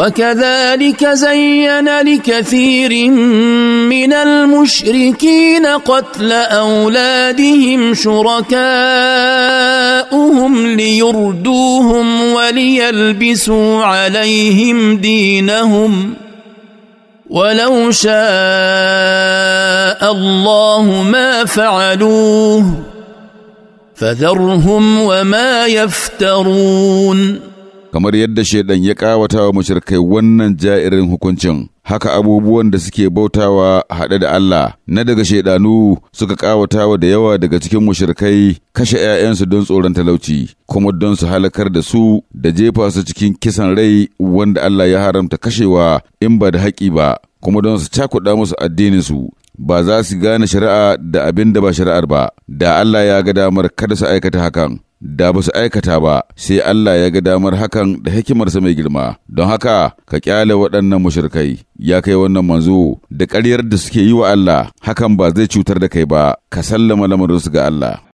وكذلك زين لكثير من المشركين قتل اولادهم شركاءهم ليردوهم وليلبسوا عليهم دينهم ولو شاء الله ما فعلوه فذرهم وما يفترون kamar yadda shaidan ya kawata wa mashirkai wannan ja'irin hukuncin haka abubuwan da suke bautawa haɗe da Allah na daga shaidanu suka kawata wa da yawa daga cikin mashirkai kashe 'ya'yansu don tsoron talauci kuma don su halakar da su da jefa su cikin kisan rai wanda Allah ya haramta kashewa in ba da haƙi ba kuma don su cakuɗa musu addininsu ba za su gane shari'a da abin da ba shari'ar ba da Allah ya ga damar kada su aikata hakan da ba su aikata ba sai Allah ya ga damar hakan da hikimarsa mai girma don haka ka kyale waɗannan mushirkai ya kai wannan manzo da ƙaryar da suke yi wa Allah hakan ba zai cutar da kai ba ka sallama lamarinsu ga Allah